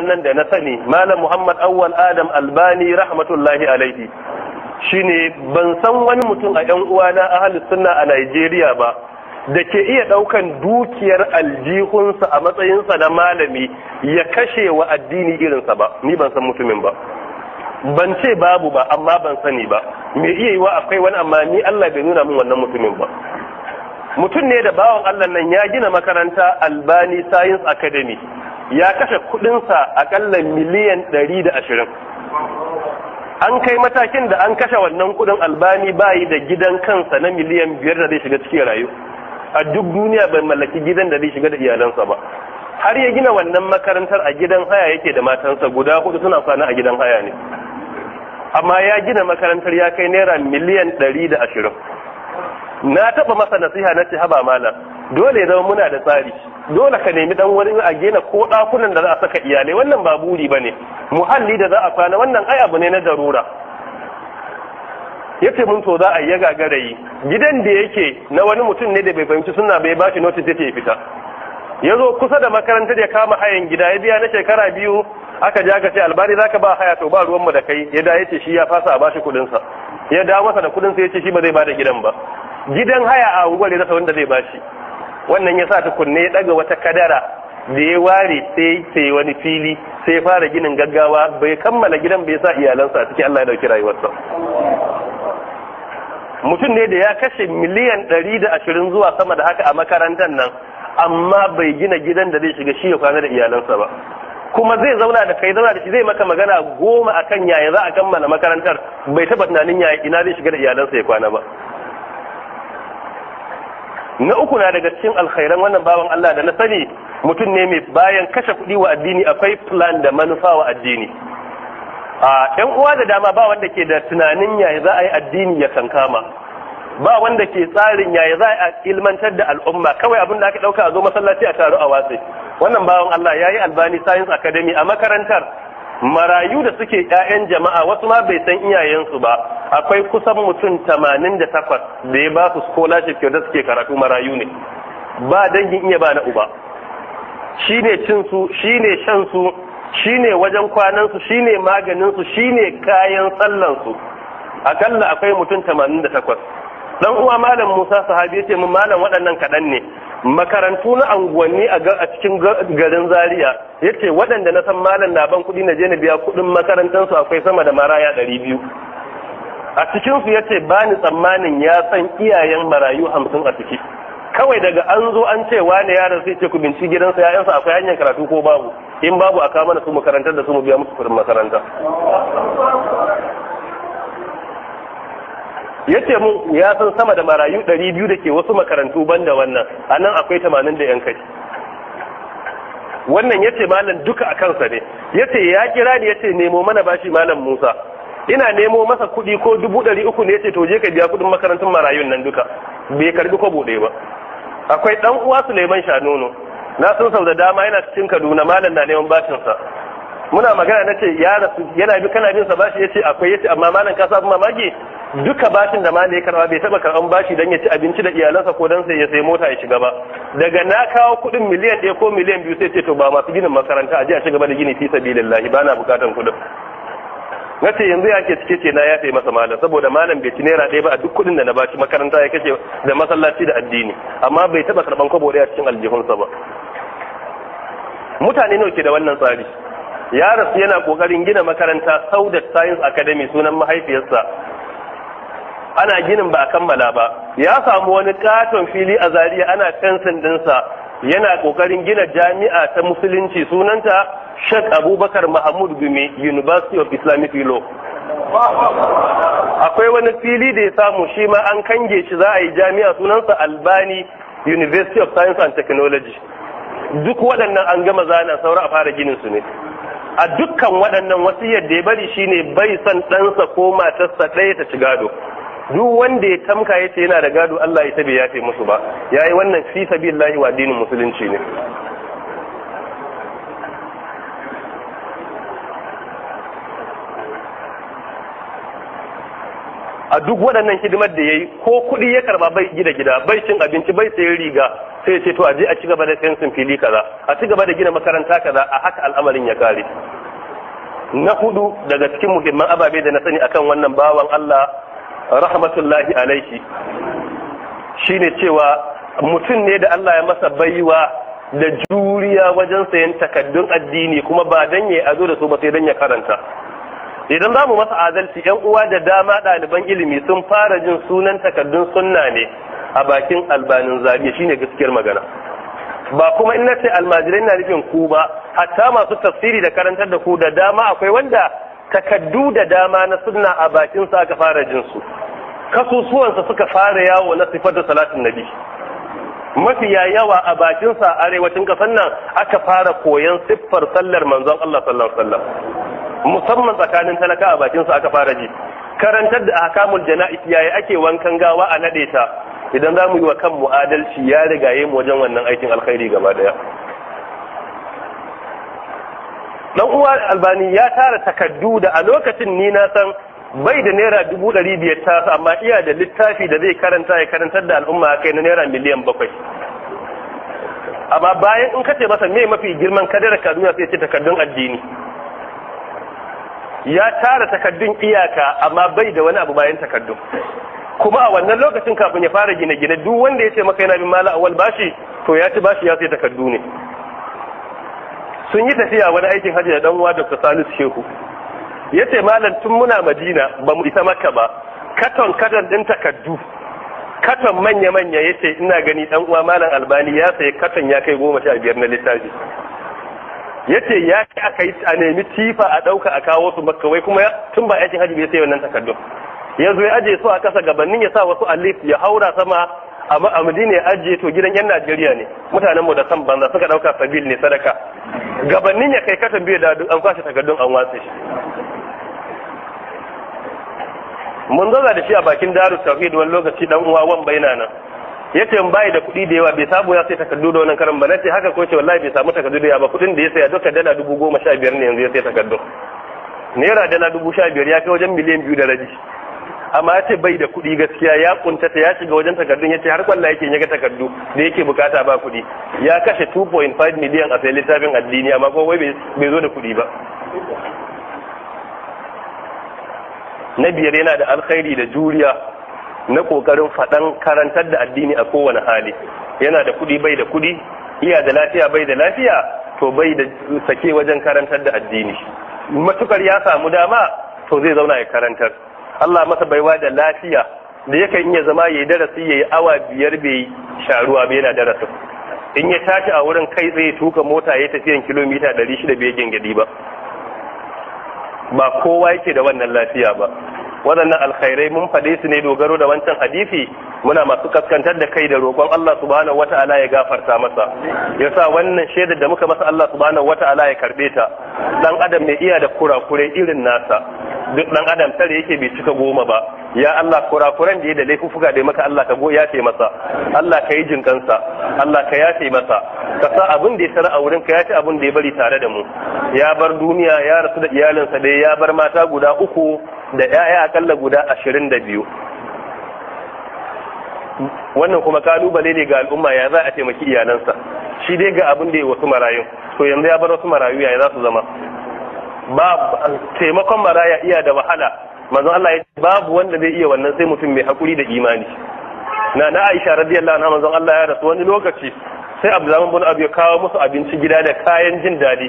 nan da na sani malam muhammad awwal adam albani rahmatullahi alaihi shine ban san wani mutum a yan uwana ahli sunna a Najeriya ba da ke iya daukan dukiyar aljihunsa a matsayinsa na malami ya kashe wa addini irinsa ba ni ban san mutumin ba ban ce babu ba amma ban sani ba me iya yi wa akwai wani amma ni Allah bai nuna min wannan mutumin ba mutum ne da bawan Allah nan ya gina makaranta Albani Science Academy ya kashe kudinsa akalla miliyan 120 an kai matakin da an kashe wannan kudin albani bayi da gidan kansa na miliyan biyar da zai shiga cikin rayu a duk duniya bai mallaki gidan da zai shiga da iyalansa ba har ya gina wannan makarantar a gidan haya yake da matansa guda hudu suna kwana a gidan haya ne amma ya gina makarantar ya kai naira miliyan ɗari da ashirin na taba masa nasiha na ce haba mana. dole ya zama muna da tsari dole ka nemi dan wani a gina ko dakunan da za a saka iyalai wannan ba buri ne. muhalli da za a kwana wannan ai abu ne na darura yace mun to za a yi gagarayi gidan da yake na wani mutum ne da bai fahimci suna bai ba shi notice yake fita ya zo kusa da makarantar ya kama hayan gida ya biya na shekara biyu aka ja ka ce albari zaka ba haya to ba ruwanmu da kai ya da yace shi ya fasa a bashi kudin sa ya da masa da kudin sa yace shi ba zai bada gidan ba gidan haya a unguwar ya rasa wanda zai shi wannan ya sa tukunne ya daga wata kadara da ya ware sai sai wani fili sai fara ginin gaggawa bai kammala gidan bai sa iyalansa a cikin Allah ya dauki rayuwarsa mutum ne da ya kashe miliyan ɗari da ashirin zuwa sama da haka a makarantar nan amma bai gina gidan da zai shiga shi ya kwana da iyalansa ba kuma zai zauna da kai zauna da shi zai maka magana goma akan yaya za a kammala makarantar bai taba tunanin yaya ina zai shiga da iyalansa ya kwana ba na uku na daga cikin alkhairan wannan bawan Allah da na sani mutum ne mai bayan kashe kuɗi wa addini akwai plan da manufa wa addini a ɗan uwa da dama ba wanda ke da tunanin yaya za a yi addini ya kankama ba wanda ke tsarin yaya za a ilmantar da al'umma kawai abin da aka ɗauka a zo masallaci a taro a watsi wannan bawan Allah ya yi albani science academy a makarantar marayu da suke 'ya'yan jama'a wasu ma bai san iyayensu ba akwai kusan mutum tamanin da takwas da ya ba su scholarship kyauta suke karatu marayu ne ba dangin iya ba na uba Shi ne cin su ne shan su ne wajen kwanan su ne maganin su ne kayan tsallansu su akalla akwai mutum tamanin da takwas dan uwa malam Musa sahabi ce mun malam waɗannan kaɗan ne makarantu na anguwanni a cikin garin zaria ya ce waɗanda na san malam na ban kuɗi na je na biya kuɗin makarantansu akwai sama da maraya ɗari biyu a cikinsu ya ce ba ni tsammanin ya san iyayen marayu hamsin a ciki kawai daga an zo an ce wani yaron sai ce ku binci gidansa yayansa akwai hanyar karatu ko babu in babu a kama da su makarantar da su mu biya musu kuɗin makaranta yace ce ya san sama da marayu 200 da ke wasu makarantu banda wannan a nan akwai 80 da 'yan kai wannan yace malam duka a kansa ne yace ce ya kira ni ya ce nemo mana bashi malam musa ina nemo masa kuɗi ko dubu ɗari uku ne ya ce to je ka biya kuɗin makarantun marayun nan duka bai karbi ko ɗaya ba akwai ɗan uwa suleiman shanono na san sau da dama yana cikin kaduna malam na neman bashinsa muna magana na ce ya rasu yana bi kana bin sa bashi ya ce akwai ya amma malam ka sabu mamaki duka bashin da malai karba bai taba karban bashi dan ya ci abinci da iyalansa ko dan sai ya sai mota ya shiga ba daga na kawo kuɗin miliyan ɗaya ko miliyan biyu sai ce to ba masu ginin makaranta a je a ci gaba da gini fi sabilillahi ba na bukatan kuɗin na ce yanzu ya ke cike ce na ya masa malam saboda malam bai ci naira ɗaya ba a duk kuɗin da na bashi makaranta ya kashe da masallaci da addini amma bai taba karban kwabo ɗaya cikin aljihunsa ba mutane nawa ke da wannan tsari ya rasu yana kokarin gina makaranta saudat science academy sunan mahaifiyarsa ana ginin ba a kammala ba ya samu wani katon fili a Zariya ana fensin dinsa yana kokarin gina jami'a ta musulunci sunanta Sheikh Abubakar Mahmud Gumi University of Islamic Law akwai wani fili da ya samu shi ma an kange shi za a yi jami'a sunansa Albani University of Science and Technology duk waɗannan an gama zana saura a fara ginin su ne a dukkan waɗannan wasu yadda ya bari shine bai son ɗansa ko matarsa ɗaya ta ci gado duk wanda ya tamka ya ce yana da gado Allah ya tabe ya ce musu ba yayi wannan fi sabilillahi wa dinin musulunci ne a duk waɗannan hidimar da ya yi ko kuɗi ya karba bai gida gida bai cin abinci bai sayan riga sai ce to a je a ci gaba da sayan fili kaza a ci gaba da gina makaranta kaza a haka al'amarin ya kare na hudu daga cikin muhimman ababe da na sani akan wannan bawan Allah rahmatullahi alaihi shine cewa mutum ne da Allah ya masa baiwa da juriya wajen sayan takaddun addini kuma ba dan ya azo da su ba sai dan ya karanta idan za mu masa adalci yan uwa da dama ɗaliban ilimi sun fara jin sunan takaddun sunna ne a bakin albanin zariya shine gaskiyar magana ba kuma in nace almajirai na nufin ku ba hatta masu tafsiri da karantar da ku da dama akwai wanda takaddu da dama na sunna a bakin sa aka fara jinsu kasusuwansa suka fara yawo na sifar da salatin nabi mafiya yawa a bakin a arewacin kasan nan aka fara koyan siffar sallar manzon Allah sallallahu alaihi wasallam musamman tsakanin talaka a bakin sa aka fara ji karantar da ahkamul jana'is yayi ake wankan gawa a nade ta idan zamu yi wa kanmu adalci ya rigaye mu wajen wannan aikin alkhairi gaba daya dan uwa albani ya tara takaddu da a lokacin ni na san bai da naira dubu ɗari biyar ta amma iya da littafi da zai karanta ya karantar da al'umma kai na naira miliyan bakwai amma bayan in kace masa me mafi girman kadara kaduna sai ce takaddun addini ya tara takaddun iyaka amma bai da wani abu bayan takaddun kuma a wannan lokacin kafin ya fara gine-gine duk wanda ya ce maka yana bin mala awal bashi to ya ci bashi ya sai takaddu ne sun yi tafiya wani aikin hajji da dan uwa Dr. Salisu Shehu yace malam tun muna Madina ba mu isa maka ba katon katon din takaddu katon manya manya yace ina gani dan uwa malam Albani ya sayi katon ya kai goma sha biyar na littafi yace ya kai aka yi a nemi tifa a dauka a kawo su Makka wai kuma tun ba aikin hajji bai sai wannan takaddun yanzu ya aje su a kasa gabanin ya sa wasu alif ya haura sama amma a ya ajiye to gidan yan najeriya ne mutanen mu da san banza suka dauka sabil ne sadaka gabanin ya kai katon biyu da an kwashe takardun an watsa shi mun zaza da shi a bakin daru tauhid wani lokaci dan uwa wan baina nan ya ce bai da kuɗi da yawa bai samu ya sai takardu da wannan karan ba ce haka ko ce wallahi bai samu takardu da yawa ba kuɗin da ya saya duka dala dubu goma sha biyar ne yanzu ya sai takardu naira dala dubu sha biyar ya kai wajen miliyan biyu da rabi amma ya ce bai da kuɗi gaskiya ya ƙuntata ya shiga wajen takardun ya ce har kwallo yake yaga takardu da yake bukata ba kuɗi ya kashe 2.5 miliyan a sai littafin addini amma ko wai bai zo da kuɗi ba na biyar yana da alkhairi da juriya na kokarin faɗan karantar da addini a kowane hali yana da kuɗi bai da kuɗi iya da lafiya bai da lafiya to bai da sake wajen karantar da addini matukar ya samu dama to zai zauna ya karantar Allah masa baiwa da lafiya da yakan iya zama yayi darasi yayi awa biyar bai sharuwa ba yana darasin in ya tashi a wurin kai tsaye tuka mota yayi tafiyan kilomita 600 bai gingadi ba ba kowa yake da wannan lafiya ba Wadannan alkhairai mun faɗe su ne dogaro da wancan hadisi muna masu kaskantar da kai da roƙon Allah subhanahu wata'ala ya gafarta masa yasa wannan shaidar da muka masa Allah subhanahu wata'ala ya karɓe ta dan adam mai iya da kurakurai irin nasa duk dan adam tare yake bai cika goma ba ya Allah kurakuran da ya da laifuffuka da maka Allah ka goya ce masa Allah ka yi jinkansa Allah ka yafe masa ka sa abin da ya tara a wurin ka ci abin da ya bari tare da mu ya bar duniya ya rasu da iyalinsa dai ya bar mata guda uku da 'ya'ya akalla guda ashirin da biyu wannan kuma kalubale ne ga al'umma ya za a taimaki iyalansa shi dai ga abin da ya wasu marayu to yanzu ya bar wasu marayu ya za su zama ba taimakon maraya iya da wahala manzon Allah ya ce babu wanda zai iya wannan sai mutum mai hakuri da imani na na Aisha radiyallahu anha manzon Allah ya rasu wani lokaci sai Abdulrahman bin Abi ya kawo musu abinci gida da kayan jin dadi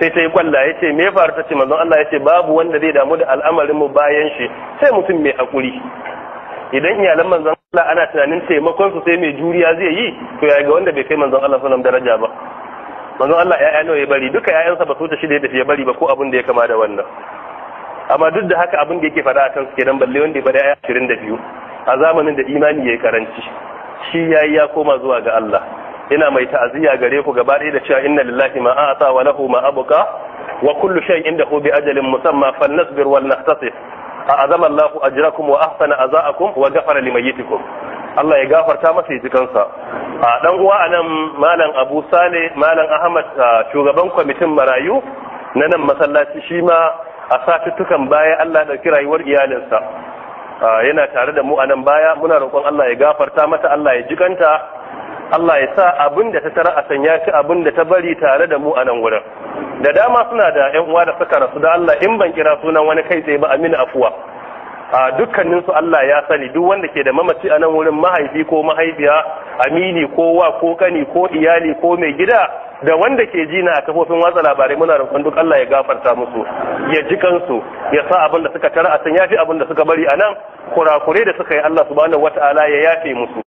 sai ta yi kwalla ya ce me faru ta ce manzon Allah ya ce babu wanda zai damu da al'amarin mu bayan shi sai mutum mai hakuri idan iyalan manzon Allah ana tunanin taimakon su sai mai juriya zai yi to ya ga wanda bai kai manzon Allah sallallahu daraja ba manzo Allah ya'ya nawa ya bari duka ya'yansa ba su ta shi da ya bari ba ko abin da ya kama da wannan amma duk da haka abin da yake faɗa akan su kenan balle wanda ya bari ya'ya ashirin da biyu a zamanin da imani ya yi karanci shi yayi ya koma zuwa ga Allah ina mai ta'aziyya gare ku gaba ɗaya da cewa inna lillahi ma a'ata wa lahu ma abuka wa kullu shay'in indahu bi ajalin musamma falnasbir wal a azama Allahu ajrakum wa ahsana azaakum wa ghafara limayyitikum Allah ya gafarta masa ya ji kansa a dan uwa a nan malam Abu Sale malam Ahmad shugaban kwamitin marayu na nan masallaci shi ma a satuttukan baya Allah ya dauki rayuwar iyalinsa yana tare da mu a nan baya muna roƙon Allah ya gafarta mata Allah ya ji kanta Allah ya sa abin da ta tara a sanya shi abin da ta bari tare da mu a nan wurin da dama suna da yan uwa da suka rasu da Allah in ban kira sunan wani kai tsaye ba amina afuwa a su Allah ya sani duk wanda ke da mamaci a nan wurin mahaifi ko mahaifiya amini ko wa ko kani ko iyali ko mai gida da wanda ke jina a kafofin watsa labarai muna roƙon duk Allah ya gafarta musu ya ji kansu ya sa abin da suka tara a san yafi abin da suka bari a nan kurakure da suka yi Allah subhanahu wata'ala ya yafe musu